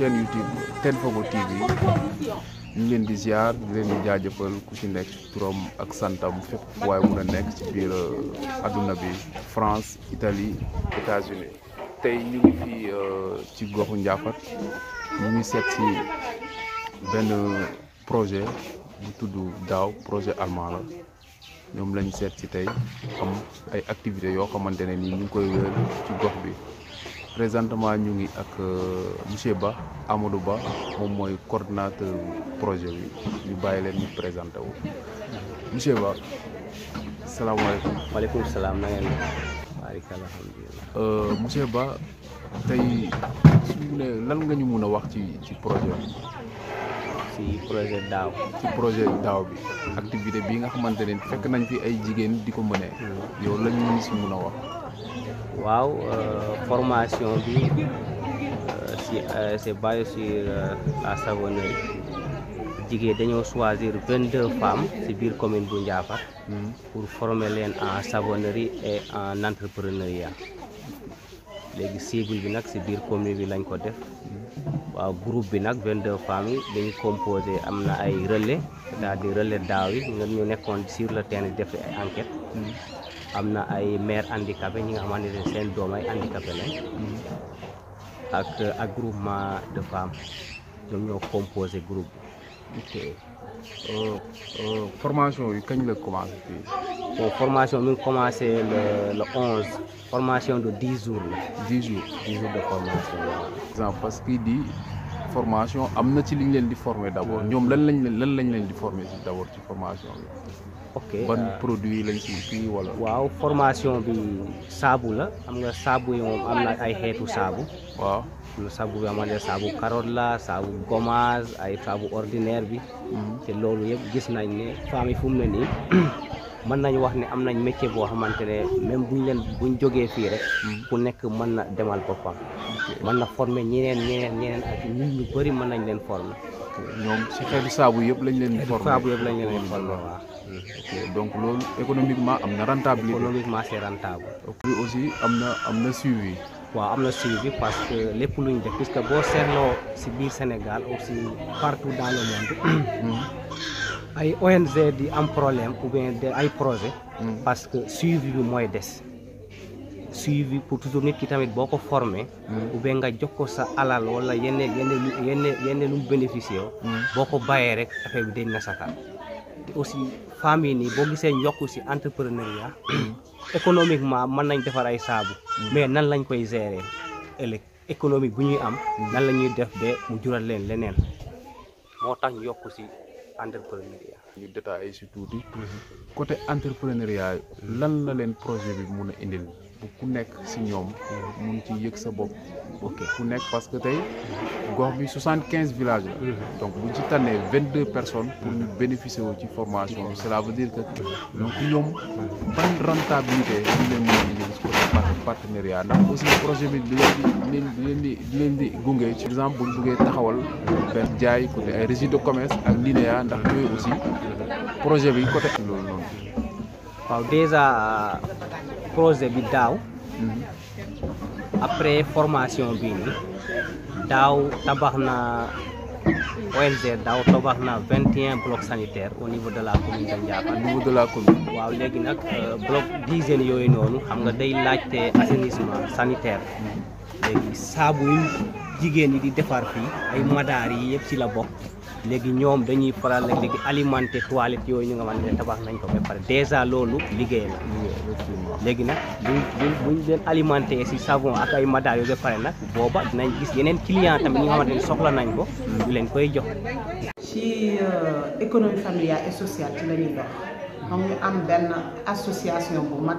chaîne YouTube Tenfogo TV ñu leen di ziar di leen di jaajëfal ku ci nekk turam ak santam fépp waaye mun a nekk ci biir euh, àdduna bi France Italie États-Unis tey ñu ngi fii euh, ci goxu Ndiaffate ñu ngi seet ci benn projet bu tudd daaw projet allemand la ñoom lañ seet ci tey am ay activités yoo xamante ne nii ñu ngi koy wéer ci gox bi présentement ñu ngi ak euh, monsieur Ba Amadou Ba moom mooy coordinateur projet bi ñu bàyyi leen ñu présenté wu monsieur Ba salaamaaleykum. maaleykum salaam na ngeen def. alhamdulilah. monsieur Ba tey su ne lan nga ñu mun a wax ci ci projet bi. ci projet daaw. ci projet daaw bi. activité bi nga xamante ne fekk nañ fi ay jigéen di ko mënee. Hmm. yow lañ ñu si mun a wax. waaw euh, formation bi euh, si euh, c'est basé sur la savonnerie jigéen dañoo choisir vingt deux femmes si biir commune bu Ndiaffate pour forme leen en savonnerie et en entrepreneuriat léegi cible bi nag si biir commune bi lañ ko def waaw groupe bi nag vingt de femmes dañu composé am na ay relais cest di dire relais daaw yi nga ñu nekkoon sur le terrain def ay enquête amna ay maire handicapé ñi nga xamanté des seen doom ay handicapé lañ ak groupe de femmes Nous avons composé groupe ok euh, euh, formation yi kañ la formation? Nous avons formation ñu commencé le le 11 formation de 10 jours 10 jours 10 jours de formation exemple parce qu'il dit formation am na ci liñ leen di former d' abord ñoom lan lañ leen lan lañ leen di former ci d' abord ci formation bi. ok ban euh, produit lañ ci fii wala. waaw formation bi saabu la xam nga saabu yi moom am na ay xeetu saabu. waaw saabu bi am amal saabu carotte la saabu gommage ay saabu ordinaire bi. Mhm. te loolu yëpp gis nañ ne femmes yi fu mu ne nii. mën nañu wax ne am nañ métier boo xamante ne même buñ leen bu buñ jogee fii rek bu hmm. nekk mën na demal boppam man na former ñeneen ñeneen ñeneen ak ñu bëri mën nañ leen former ñoom si xeetu saabu yëpp lañ leen di former saabu lañ leen di hmm. donc loolu économiquement am na rentabilité économiquement c'est rentable aussi am na am na suivi waaw am na suivi parce que lépp lu ñu def que boo seetloo si biir Sénégal aussi partout dans le hmm. ay ONG di am problème ou bien ay projet mm. parce que suivi bi mooy des suivi pour toujours nit ki tamit boo ko formé mm. ou bien nga jox ko sa alal wala yenn yenn yenn yenn lu mu mm. boo ko bàyyee rek affaire bi dañ na sataan aussi femmes nii boo gisee yokku si entrepreneuriat économiquement mën nañ defar ay saabu mais nan lañ koy gérer ëllëg économique bu ñuy am nan la ñuy def ba mu jural leen leneen moo tax yokku si entrepreneuriat. ñu détaillé si tuuti. Mhm. côté entrepreneuriat lan la leen projet bi mun a indil. bu ku nekk si ñoom mun ci yëg sa bopp ok ku nekk parce que tey gox bi soixante quinze villages la donc buñ ci tànnee vingt deux personnes pour ñu bénéficier wu ci formation bi cela veut dire que donc ñoom ban rentabilité ñu leen mën a jël côté partenariat ndax aussi projet bi di leen di leen di di leen di gunge ci exemple buñ buggee taxawal benn jaay côté ay régie de commerce ak linéa ndax yooyu aussi projet bi côté loolu noonu waaw déjà projet bi daaw après formation bii nii daaw tabax na ONG daaw tabax na vingt et au niveau de la commune de Ndiakhate. au waaw léegi nag euh, bloc dizaine yooyu noonu xam nga day laajte assainissement sanitaire léegi saabu jigéen yi di defar fii ay madaar yi yëpp ci la bokk. léegi ñoom dañuy faral nag léegi alimenter toilette yooyu ñu nga xamante ne tabax nañ ko ba pare déjà loolu liggéey la léegi nag buñ buñ leen alimenter si savon ak ay madaar yooyu ba pare nag booba dinañ gis yeneen client tamit ñi nga xamante ne soxla nañ ko ñu leen koy jox ci euh, économie familiale et sociale ci la ñuy dox moom ñu am benn association bu mag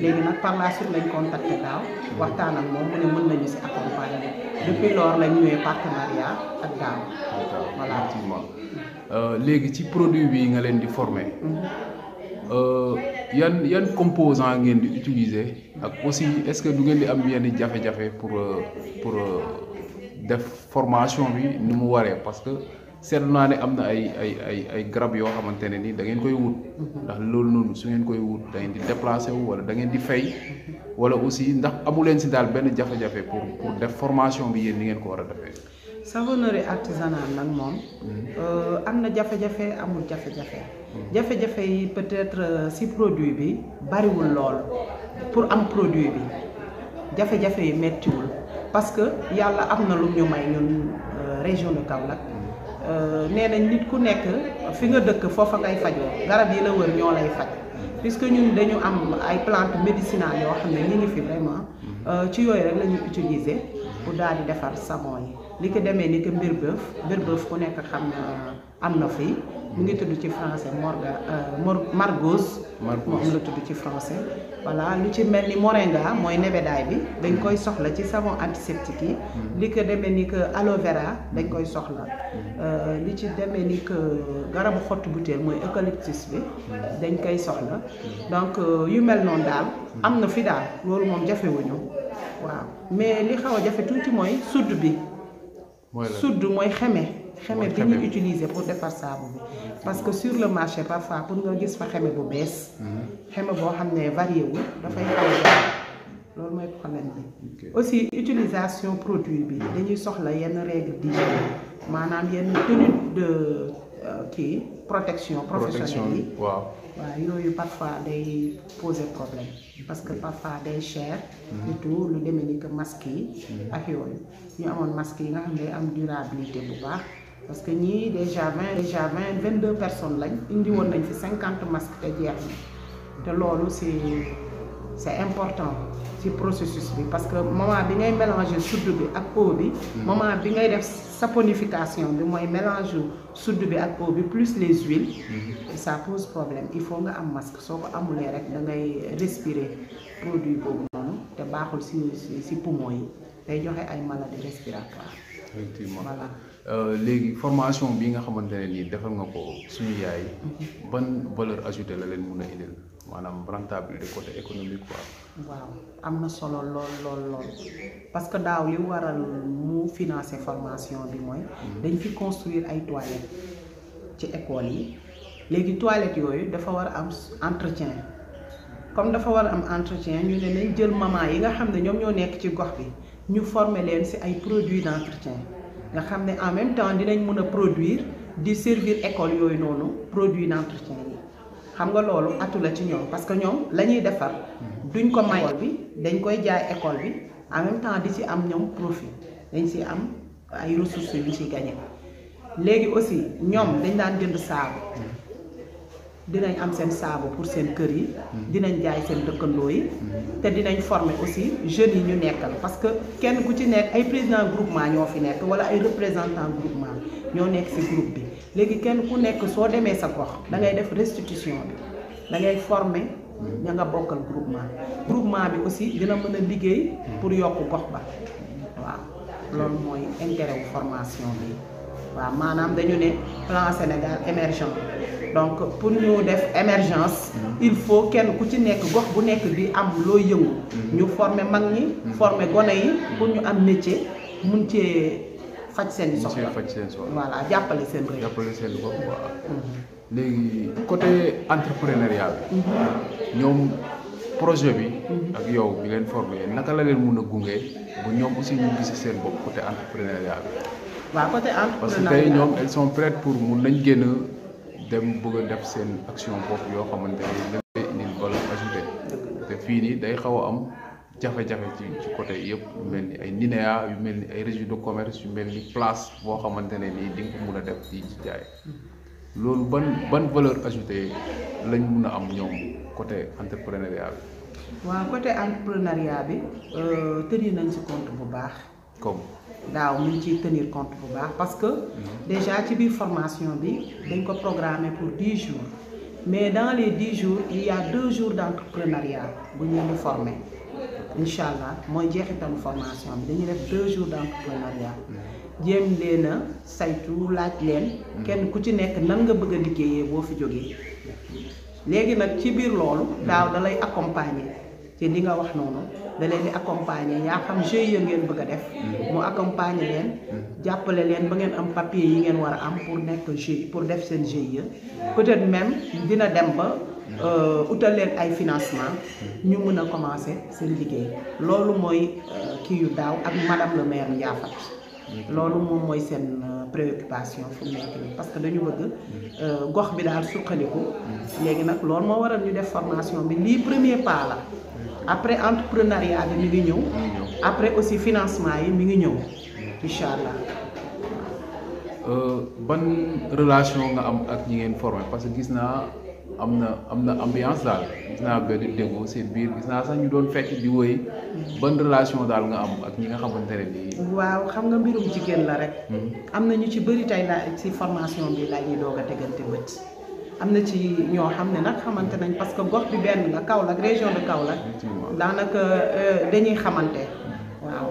léegi nag par la suite lañ contacté daaw waxtaan ak moom mu ne mën nañu si accompagner depuis lors lañ ñëwee partenariat ak daaw voilà effectivement euh, léegi ci produit bi nga leen di former mhm. euh, yan yan composant ngeen di utiliser ak aussi est-ce que du ngeen di am yenn jafe-jafe pour euh, pour def formation bi ni mu waree parce que seetlu naa ne am na ay ay ay ay garab yoo xamante ne nii da ngeen koy wut ndax loolu noonu su ngeen koy wut da ngeen di déplacé wu wala da ngeen di fay wala aussi ndax amuleen si daal benn jafe-jafe pour def formation bi yéen ni ngeen ko war a defee savonnerie artisanale nag moom euh, am na jafe-jafe amul jafe-jafe jafe yi peut-être euh, si produit bi bariwul lool pour am produit bi jafe-jafe yi mettiwul parce que yàlla am na lu ñu may ñun euh, région de Kaolack Euh, nee nañ nit ku nekk fi nga dëkk foofa ngay fajoo garab yi la wër ñoo lay faj puisque ñun dañu am ay plantes médicinales yoo xam ne ñu ngi fi vraiment euh, ci yooyu rek la ñu utiliser pour daal di defar savon yi li ko demee ni que mbir bëf mbir bëf ku nekk xam na I'm fi. mu ci français morga euh, margose français voilà ci moringa bi dañ koy soxla ci savon antiseptique mm-hmm. aloe vera mm-hmm. dañ koy soxla mm-hmm. euh, li ci demee ni que garabu bouteille, eucalyptus bi dañ koy donc mel fi mais li xaw a soude mooy xeme xeme bi ñuy utiliser pour faire ça parce que sur le marché parfois pour nga gis fa xeme bu bees mhm. xeme boo xam ne varié wu dafay xaw a problème aussi utilisation produit bi dañuy soxla yenn règle d'hygiène manam yenn tenue de qui euh, protection professionnelle parfois, il y a des problèmes. Parce que parfois, des chers du tout, le Dominique masqué. Il y Nous mm-hmm. avons un masqué qui a une durabilité. Parce que nous avons déjà déjà 22 personnes. Nous avons 50 masques de diable. C'est important ce processus -là. parce que moment bi ngay mélanger soude bi ak peau bi mm. moment bi ngay def saponification bi mooy mélange soude bi ak à bi plus les huiles mm-hmm. ça pose problème il faut un masque pour ko amulee rek da ngay respirer produit boobu noonu te baaxul si si poumon et day joxe ay maladies respiratoires effectivement voilà formations euh, formation bi nga xamante ne nii defal nga ko suñu yaay mm-hmm. ban valeur ajoutée la leen rentable a côté économique quoi waaw amna solo lol lol lol. parce que daw li waral mu financer formation bi moy mm-hmm. dañ fi construire ay toilettes ci école yi Légui toilettes yoyu dafa war am entretien comme dafa war am entretien ñu ne nañ jël mama yi nga xamné ñom ñoom ñoo nekk ci gox bi ñu former leen ci ay produits d'entretien nga xamné en même temps dinañ mëna produire di servir école yoyu noonu produits d'entretien yi xam nga loolu atu la ci ñoom parce que ñoom la ñuy defar mm-hmm duñ ko may bi dañ en même temps di ci am profit dañ ci am ay ressources gagné aussi ñom dañ daan saabu dinañ am sen saabu pour sen kër yi hmm. dinañ jaay sen dëkkandoo hmm. te dinañ former aussi jeunes parce que kenn ku ci président groupe bi kenn ku nekk sa gox da ngay restitution Mmh. avons nga bokkal groupement groupement bi aussi dina mmh. pour gox ba mmh. formation bi plan Sénégal émergent donc pour ñu def émergence il faut que ku ci nekk gox bu former les former gone yi pour ñu am métier voilà jàppale côté entrepreneurial, ñoom projet bi. ak yow bi leen formé naka la leen mun a gunge bu ñoom aussi ñu gis seen bopp côté entrepreneuriat bi. parce que tey ñoom elles sont prêtes pour mun nañ génn dem bëgg a def seen action bopp yoo xamante ne dañ koy indil valeur te fii nii day xaw a am. jafe-jafe ci ci côté yëpp mel ni ay NINEA yu mel ni ay régis de commerce yu mel ni place boo xamante ne nii di ko mun a def fii ci loolu ban ban valeur ajoutée lañ mun a am ñoom côté entrepreneuriat bi. waaw côté entrepreneuriat bi euh, tenir nañ ci compte bu baax. comme daaw ñu ngi ciy tenir compte bu baax parce que. Mhm. déjà ci biir formation bi dañ ko programmer pour dix jours mais dans les dix jours il y a deux jours d'entrepreneuriat bu ñu leen former incha allah mooy formation bi def jours d'entrepreneuriat. Mhm. jéem leen a saytu laaj leen. Mm-hmm. kenn ku ci nekk nan nga bëgg liggéeyee boo fi jógee. léegi nag ci biir loolu. Mm-hmm. daaw dalay lay accompagner. te li nga wax noonu da leen di accompagner yaa xam GIE ngeen bëgg a def. Mm-hmm. mu accompagner leen. jàppale leen ba ngeen am papier yi ngeen war a am pour nekk GIE pour def seen GIE. peut-être même dina dem ba. Euh, utal leen ay financement ñu mën a commencer seen liggéey loolu mooy euh, kii yu daaw ak madame le maire Ndiaffate. Mhm. lolu mom moy sen euh, préoccupation fu mu nekk nii parce que dañu bëgg euh gox bi daal suqaliku mhm. légui nak lool mo waral ñu def formation bi li premier pas la mhm. après entrepreneuriat bi mi ngi ñëw après aussi financement yi mi ngi ñëw inshallah euh ban relation nga am ak ñi ngeen former parce que gis naa am na am na ambiance daal gis naa benn déggoo seen biir gis naa sax ñu doon fekk di woy ban relation daal nga am ak ñi nga xamante ne nii. waaw xam nga mbirum jigéen la rek. Hmm. am na ñu ci bëri tey laa ci formation bi laa ñuy doog a tegante bët. am na ci ñoo xam ne nag xamante nañ parce que gox bi benn la Kaolack région de Kaolack. daanaka euh, dañuy xamante waaw.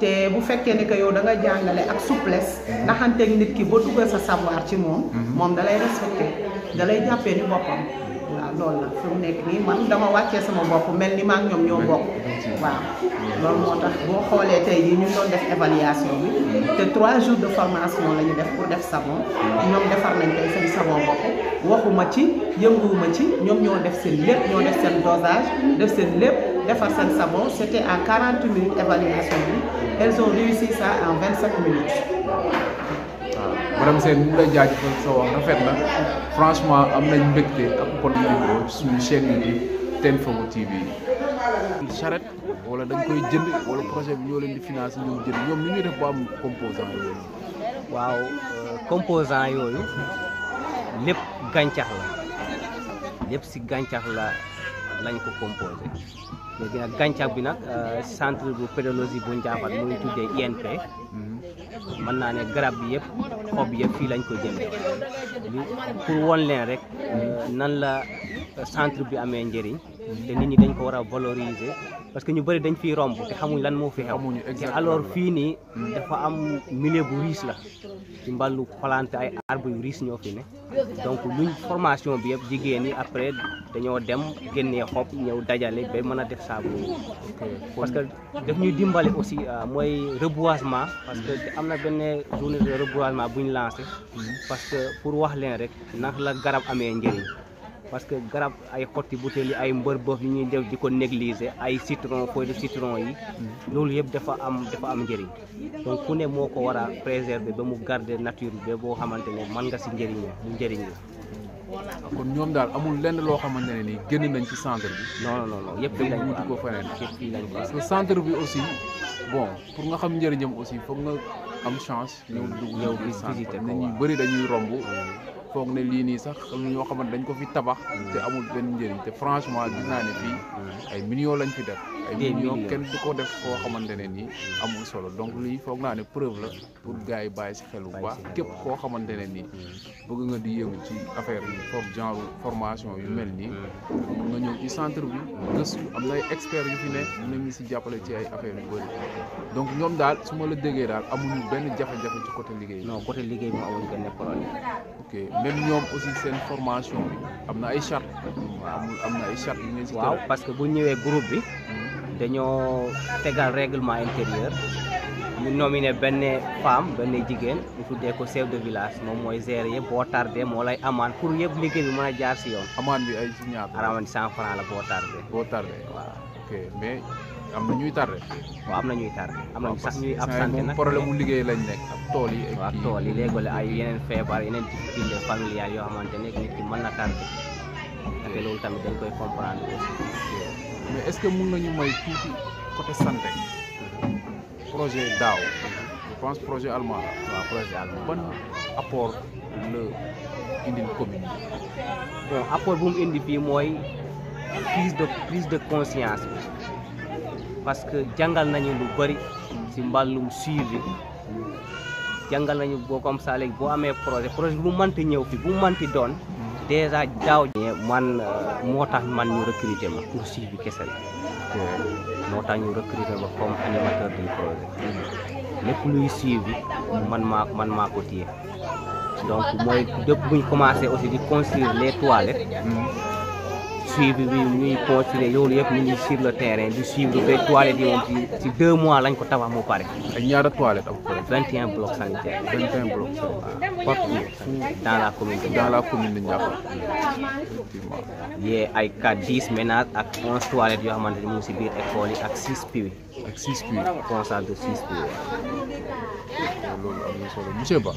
té bu fekkee ne que yow da nga jangalé ak souplesse mhm. ak nit ki bo dugal sa savoir ci mom mom mhm. da lay respecté da lay jàppee ni boppam waaw lool la fi mu nekk nii man dama waccé sama bopp melni ma ak ñom ñoo bokk waaw mhm. lool motax bo xolé tay ñu doon def évaluation bi té 3 jours de formation lañu def pour def savon ñom défar nañ tey seen savon bopp waxuma ci yënguwuma ci ñom ñoo def seen lépp ñoo def seen dosage def seen lépp la façon savon c'était c'était à 40 minutes évaluation elles ont réussi ça en 25 minutes. Ah, madame c'est nous ngi lay jaajëfal sa wax rafet na franchement am nañ mbégte ak kon je suis chaîne le Teen Info TV. charrette wala donc koy jënd wala projet bi ñoo leen di financé ñoom jënd ñoom ñu ngi def ba am composant yooyu. waaw euh, composant yooyu lépp gàncax la lépp si gàncax la lañ composé léegi nag gàncax bi nag euh, centre bu pédologie bu Ndiaffate muy tuddee INP mhm. mën naa ne garab bi yëpp xob yëpp fii lañ ko jëlee li pour won leen rek mhm. euh, nan la euh, centre bi amee njëriñ te nit ñi dañ ko war a valoriser parce que ñu bëri dañ fiy romb te xamuñ lan moo fi xew te alors fii nii mhm. dafa am milieu bu riche la ci mbalu planté ay arbre yu riche ñoo fi ne donc luñ formation bi yëpp jigéen ñi après dañoo dem génnee xob ñëw dajale ba mën a def saabu parce que daf ñuy dimbale aussi euh, mooy reboisement parce que am na benn journée de reboisement bu ñu lancé parce que pour wax leen rek nag la garab amee njëriñ parce que garab ay xotti butéel yi ay mbër bëf yi ñuy def di ko négliger ay citron feuille de citron yi hmm. loolu yëpp dafa am dafa am njëriñ donc ku ne moo ko war a préserver ba mu garde nature bi boo xamante ne mën nga si njëriñ mu njëriñ la kon ñoom daal amul lenn loo xamante ne nii génn nañ ci centre bi. non non non yëpp fii lañ ko am ko parce que centre bi aussi bon pour nga xam njëriñam aussi foog nga am chance. Hmm. ñëw dugg ñëw visiter ko waaw nit ñi bëri dañuy romb. Hmm. foog ne lii nii sax ñoo xamante dañ ko fi tabax. te amul benn njëriñ te franchement gis naa ne fii. ay millions lañ fi def. ay millions kenn du ko def koo xamante ne nii amul solo donc lii foog naa ne preuve la pour gars yi bàyyi si xel bu képp koo xamante ne nii. bëgg nga di yëngu ci affaire yi comme genre formation yu mel nii. nga ñëw ci centre bi gëstu am na ay experts yu fi ne mën nañu si jàppale ci ay affaires yu bëri donc ñoom daal su ma la déggee daal amuñu benn jafe-jafe ci côté liggéey. non côté liggéey moom amuñu benn même ñoom aussi seen formation bi am na ay charte am na waaw parce que bu ñëwee groupe bi hmm. dañoo tegal règlement intérieur ñu nominé benn femme benn jigéen ñu tuddee ko chef de village moom mooy gérer yëpp boo tardé moo lay amaan pour yëpp liggéey bi mën a jaar si yoon. amaan bi ay si ñaar. amaan cent franc la boo tardé. boo tardé waaw am na ñuy tardé. am na ñuy tardé am na sax ñuy absenté nag problème mu liggéey lañ nekk ak tool yi. ak kii tool ay yeneen feebar yeneen difficulté familiale yoo xamante ne nit ki mën na tardé. ok te loolu tamit dañ koy comprendre mais est ce que mun nañu may tuuti côté santé. projet daaw. je projet allemand la. waaw projet allemand ban apport la indil commune bon apport bu mu indi fii mooy prise de prise de conscience parce que jàngal nañu lu bëri si mbàllum suivi jàngal nañu boo comme ça léegi boo amee projet projet bu mënti ñëw fi bu mënti doon déjà daaw man euh, moo tax man ñu recruter ma pour suivi kese la euh, moo tax ñu recruter ma comme animateur du projet lépp luy suivi man maa man maa ko téye donc mooy dëpp buñ commencé aussi di construire les suivi bi ñuy continuer loolu yëpp ñu ngi sur le terrain di suivre ba toilettes yi ci ci deux mois lañ ko tabax mu pare. ak ñaata toilettes am ko. 21 blocs sanitaires. 21 blocs waaw partout dans la commune. dans la commune de Ndiakhate effectivement. ay 4 10 ménages ak 11 toilettes yoo xamante ni mu ngi si biir yi ak 6 puits. ak 6 loolu am na monsieur Ba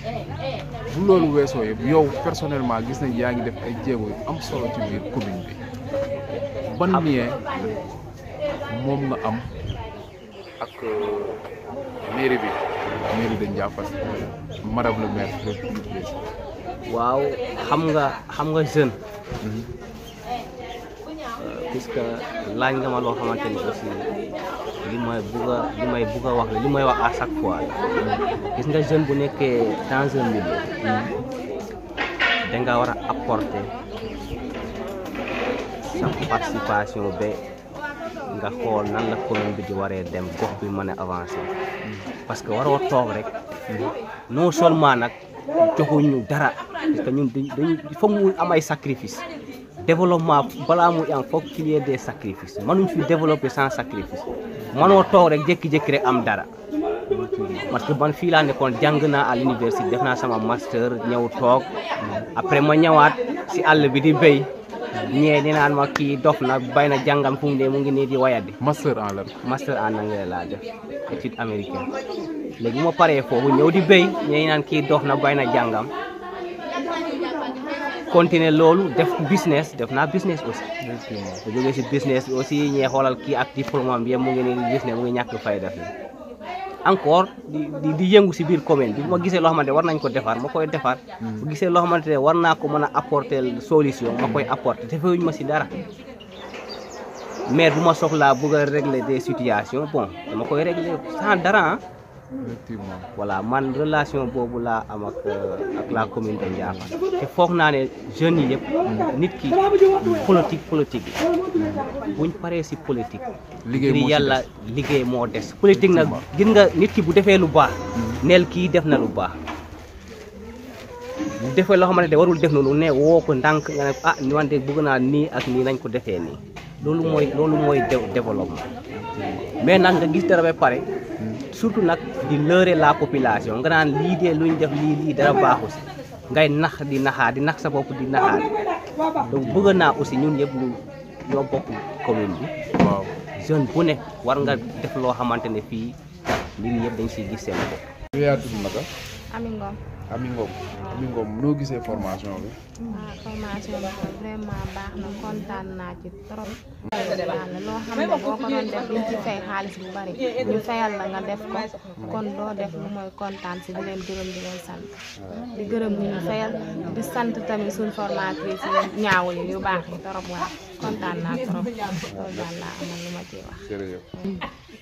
bu loolu weesoo yow personnellement gis nañ yaa ngi def ay jéego yu am solo ci biir commune bi. ban lien moom nga am ak euh, mairie bi mairie de Ndiaffate madame le maire waaw xam nga xam nga jeune mhm. euh, puisque laaj nga ma loo xamante ni aussi li may bugg a li may bugg wax li may wax à chaque fois mhm. gis nga jeune bu nekkee dans un milieu mhm. danga war a apporter participation ba nga xool nan la commune bi di waree dem gox bi mën a avancé parce que waroo toog rek non solement nag joxuñu dara parce que ñun dañu mu am ay sacrifice développement balaa mu am foog qu'il y ait des sacrifices mënuñ fi développer sans sacrifice mënoo toog rek jékki-jékki rek am dara parce que man fii laa nekkoon jàng naa à l'université def naa sama master ñëw toog après ma ñëwaat si àll bi di béy ñee di naan ma kii dof na bay na jàngam fu mu mu ngi nii di wayat di master en lan master en anglais laa def étude américaine léegi ma paree foofu ñëw di béy ñee naan kii dof na bay na jàngam continuer loolu def business def naa business aussi bu jógee si business bi ñee xoolal kii ak diplôme am yëpp mu ngi nii business mu ngi ñàkk fay def encore di di yëngu si biir commune bi bu ma gisee loo xamante war nañ ko defar ma koy defar hmm. bu gisee loo xamante ne war naa ko mën a apporter solution ma koy apporter defewuñu ma si dara maire bu ma soxlaa bëgg a régler des situations bon dama koy régler sans dara effectivement voilà man relation boobu laa am ak euh, ak la commune de Ndiaffate te foog naa ne jeunes yi yëpp nit ki politique politique buñ paree si politique ngir yàlla liggéey moo des politique nag gis nga nit ki bu defee lu baax hmm. neel kii def na lu baax bu defee ne xamante ne warul def noonu ne woo ko ndànk nga ne ah wante bëgg naa nii ak nii nañ ko defee nii loolu mooy loolu mooy développement mais nag nga gis dara ba pare hmm. surtout nag di leurrer la population nga naan lii dee luñ def lii lii dara baaxu si ngay nax di naxaa di nax sa bopp di naxaat donc bëgg naa aussi ñun yëpp ñu ñoo bokk commune bi. waaw jeune bu ne war nga def loo xamante ne fii kat mbir yëpp dañ siy gis seen bopp. yow yaa tudd naka. Ami Ngom noo gisee formation bi. waaw ah, formation bi kon vraiment baax na kontaan naa ci trop. loo xam ne boo ko def liñ ci fay xaalis bu bari ñu fayal la nga def ko kon doo def lu mooy kontaan si di leen gërëm di leen sant di gërëm ñu ñu fayal di sant tamit suñ formatrice yi ñaawul yu baax yi trop waaw kontaan naa trop loolu daal laa amal lu ma ciy wax.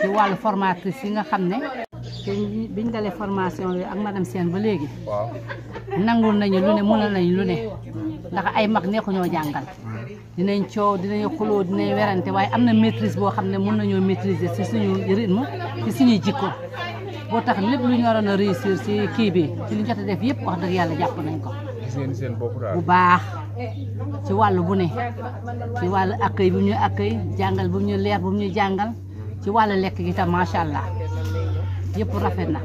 ci wàllu formatrice yi nga xam ne biñ dalee formation bi ak madame seen ba léegi nangul nañu lu ne mënal nañu lu ne ndax ay mag neexuñoo jàngal mm-hmm. dinañ coow dinañ xuloo dinañ werante waaye am na maîtrise boo xam ne mën nañoo maîtriser ci suñu rythme ci suñuy jikko boo tax lépp lu ñu a réussir ci kii bi ci li ñu jot a def yépp wax dëgg yàlla jàpp nañ ko bu baax ci wàll bu ne ci wàllu accueil bu ñu accueil jàngal bu ñu leer bu ñu jàngal ci wàllu lekk gi tam macha allah yëpp rafet na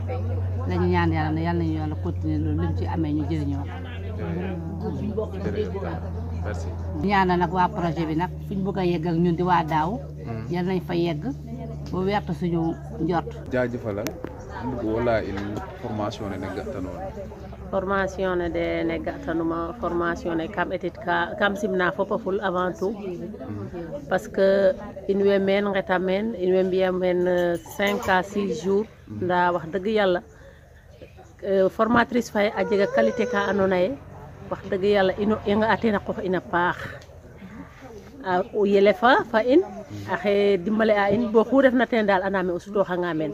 la ñaan yàlla na yàlla nañu yàlla continuer loolu ci amee ñu jëriñoo ko. merci. ñaanal nag waa projet bi nag fu ñu bëgg a yegg ak ñun di waa daaw. Hmm. yal nañ fa yegg ba weertu suñu njort. jaajëfalal mu bëgg wala il formation ne ne gàttanoon formation de ne ga'tanuma formation ne kam etit ka kam simna fopa ful avant tout parce que in we meen ngeta meen in we mbiya meen cinq à 6 jours wax deug yalla euh, formatrice fay a jega qualité ka andoona ye wax deug yalla ino nga atena ko ina paax o yele fa fa in axe dimbalé a in bo xu na teen daal andaame o xanga men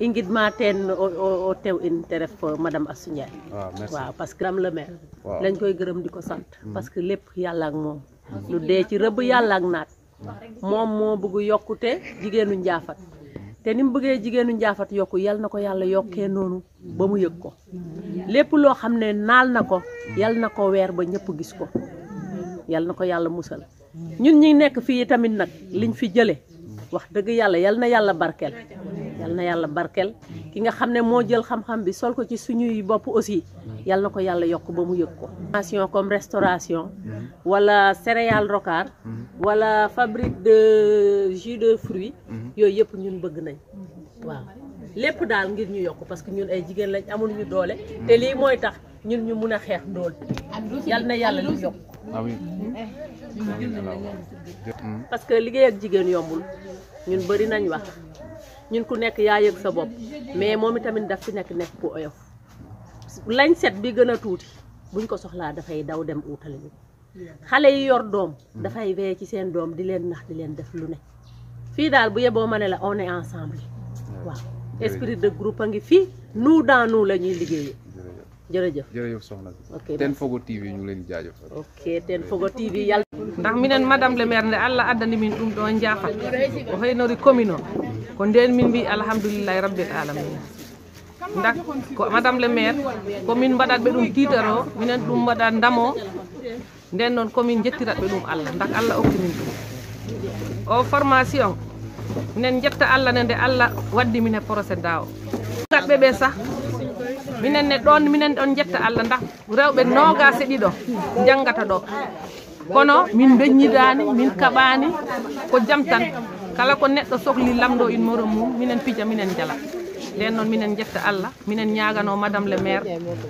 ingidma teen o tew in te ref euh, madame Assou Ndiaye ah, waaw parce que am le maire lañ koy gërëm di ko sant mhm. parce que lépp yàlla ak moom lu dee ci rëbb yàlla ak naat moom moo bëgg yokkute jigéenu njaafat te ni mu bëggee jigéenu njaafat yokku yal na ko yàlla yokkee noonu ba mu yëg ko lépp loo xam ne naal na ko yal na ko weer ba ñëpp gis ko yal na ko yàlla musal ñun ñi nekk fii tamit nag liñ fi jële wax deug Yalla yalla na Yalla barkel yalla na yalla barkel ki nga xamne mo jël xam-xam bi sol ko ci suñuy bop aussi yalla nako yalla yok ba mu yek ko station comme restauration wala céréales rocard wala fabrique de jus de fruits yoy yep ñun bëgg nañ waaw lepp dal ngir ñu yok parce que ñun ay jigen lañ amul ñu doole té li moy tax ñun ñu mëna xex xeex dool yal na yalla ñu yokk parce que liggéey ak jigéen yombul ñun bëri nañ wax ñun ku nekk yaa yëg sa bopp mais moom itamit daf fi nekk nekk ku oyof lañ set bi gën a tuuti buñ ko soxlaa dafay daw dem uutali bi xale yi yor doom dafay veye ci seen doom di leen nax di leen def lu ne fii daal bu yeboo ma ne la on est ensemble waaw esprit de groupe a ngi fii nu dans nous la ñuy liggéeyee jërëjëf jërëjëf soxna si ten fogo tv ñu ngi leen di jaajëfal ok ten fogo tv yàlla ndax minen madame le maire nde allah addani min ɗum ɗo jaafa o heynori commune o ko nden min mbi alhamdoulillahi rabbil alamina dak ko madame le maire komin mbaɗat ɓe ɗum tiitar o minen ɗum mbaɗa ndamo nden noon komin jettirat ɓe ɗum allah dak allah okki min ɗum o formation minen jetta allah ne nde allah waddi min e procéda o gatɓe ɓe sah minen ne ɗon minen ɗon jetta allah ndax rewɓe nogas e ɗiɗo janggata ɗo kono min beññidani min kaɓani ko jam tan kala ko neɗɗo sohli lamɗo in moro mum minen pija minen jala nden noon minen jetta allah minen ñagano madame le maire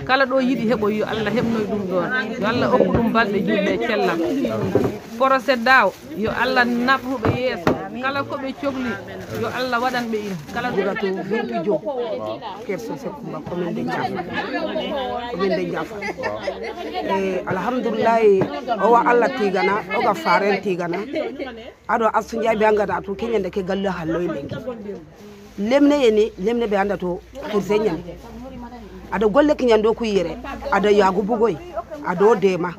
kala ɗo yiiɗi heɓo yo allah heɓnoy ɗum ɗon yo allah okku ɗum balɗe julɓe cellam procé daw yo allah naɓruɓe yeeso kala koɓe cohli yo allah waɗan ɓe in kala dugato burɗi jo kerso sekkumba commune de diafa commune de diafa e eh, alhamdoulillahi owa allah tigana oga faren tigana aɗo astu jaabi ha gada to keñande ke galle halloye ɗenki lemne yene lemne ɓe anda to pour señan aɗa golle kiñando kuyyere aɗa yaago bugoy aɗo deema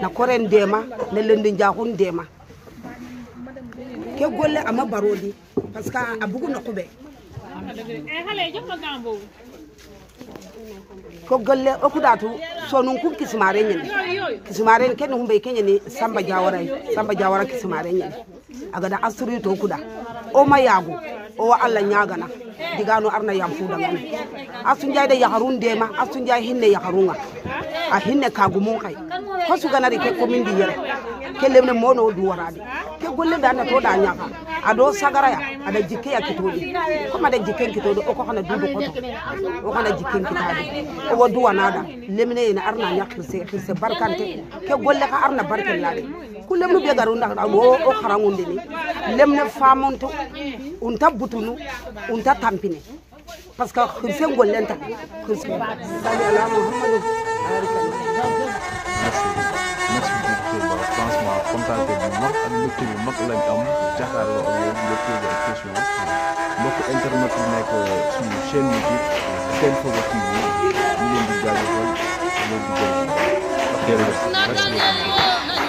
na koren deema na lendi jaaxun deema ke golle ama baroodi par ce que a bugu noquɓe eh, ko golle okudatu sonun kun kismare ne kismare ken hun bai kenya ne samba jawara samba jawara kismare ne aga da asuri to kuda o ma yago o wa Allah ya gana digano arna yam fu dan asun jai da ya harun de ma asun jai hinne ya harunga a hinne ka gumun kai hasu gana da ke komin di yare ke lemne no du warade ke golle da na to da nya ka do sagara ya da jikke ya kitodi kuma da jikken kitodi o ko du du ko o kana jikken kitadi o wa du wanada lemne na arna nya khirse khirse barkante ke golle ka arna barkel laade ku lemnu be garu ndax wo o kharangunde ni lemne famonto unta butunu unta tampine parce que khirse gollenta khirse ala muhammadu franchement kontaante bu mag ak mbégte bu mag lañ am jàkkaarloo ak yow mbégte bu ak question mbokk internet yi nekk suñu chaîne YouTube Senfootball TV ñu leen di jaajëfal Snakanie, no,